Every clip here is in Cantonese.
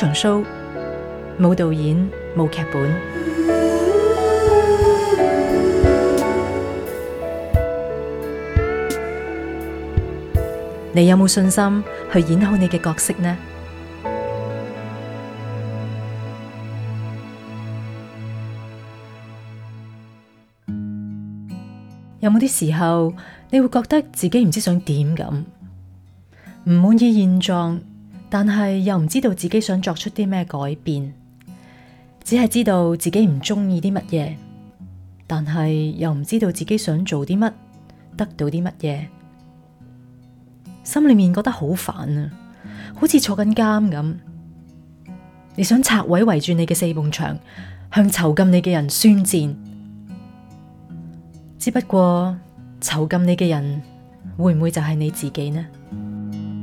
場 show 冇導演冇劇本，你有冇信心去演好你嘅角色呢？有冇啲時候你會覺得自己唔知想點咁，唔滿意現狀？但係又唔知道自己想作出啲咩改變，只係知道自己唔中意啲乜嘢，但係又唔知道自己想做啲乜，得到啲乜嘢，心裏面覺得好煩啊，好似坐緊監咁。你想拆毀圍住你嘅四面牆，向囚禁你嘅人宣戰，只不過囚禁你嘅人會唔會就係你自己呢？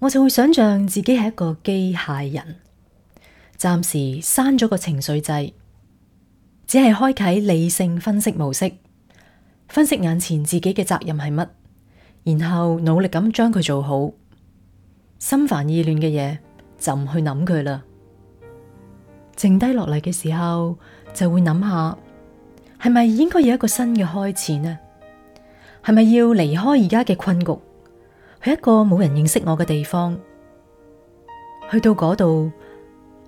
我就會想象自己係一個機械人，暫時刪咗個情緒掣，只係開啟理性分析模式，分析眼前自己嘅責任係乜，然後努力咁將佢做好。心煩意亂嘅嘢就唔去諗佢啦。剩低落嚟嘅時候，就會諗下，係咪應該有一個新嘅開始呢？係咪要離開而家嘅困局？去一個冇人認識我嘅地方，去到嗰度，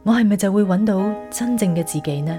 我係咪就會揾到真正嘅自己呢？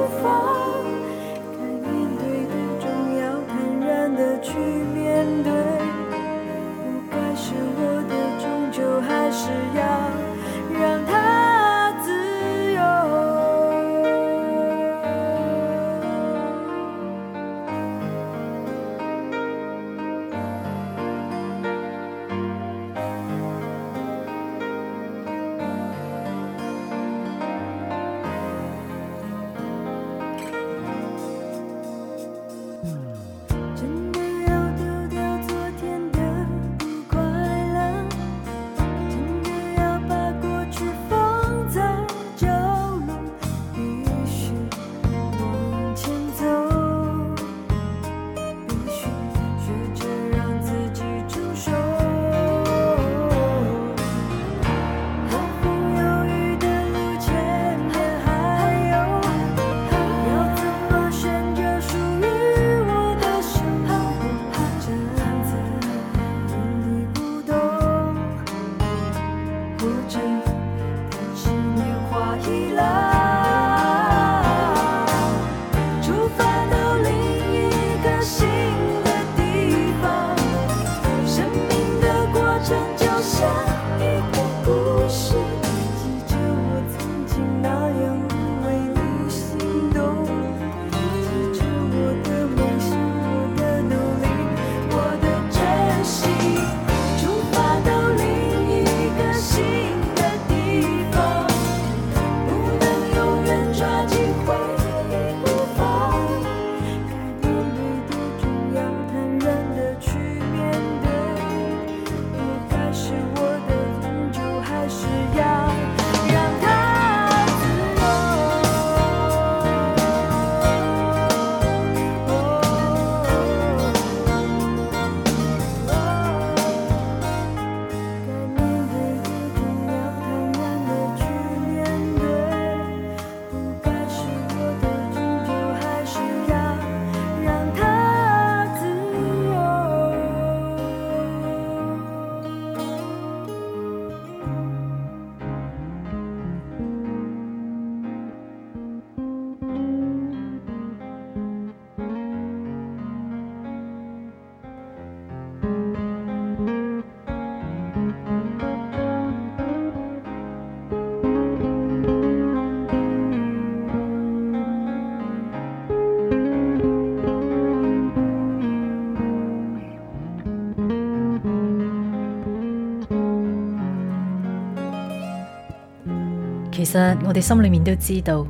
其實我哋心裏面都知道，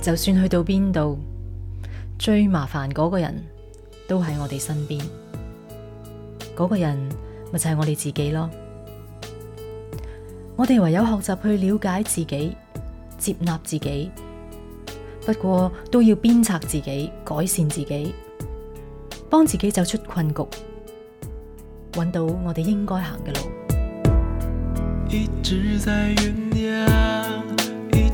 就算去到邊度，最麻煩嗰個人都喺我哋身邊。嗰個人咪就係我哋自己咯。我哋唯有學習去了解自己，接納自己。不過都要鞭策自己，改善自己，幫自己走出困局，揾到我哋應該行嘅路。一直在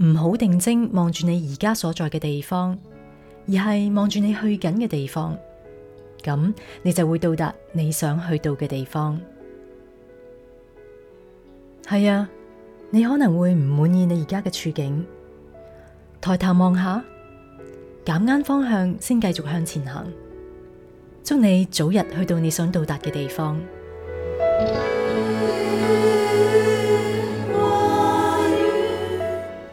唔好定睛望住你而家所在嘅地方，而係望住你去緊嘅地方，咁你就會到達你想去到嘅地方。係啊，你可能會唔滿意你而家嘅處境，抬頭望下，揀啱方向先繼續向前行。祝你早日去到你想到達嘅地方。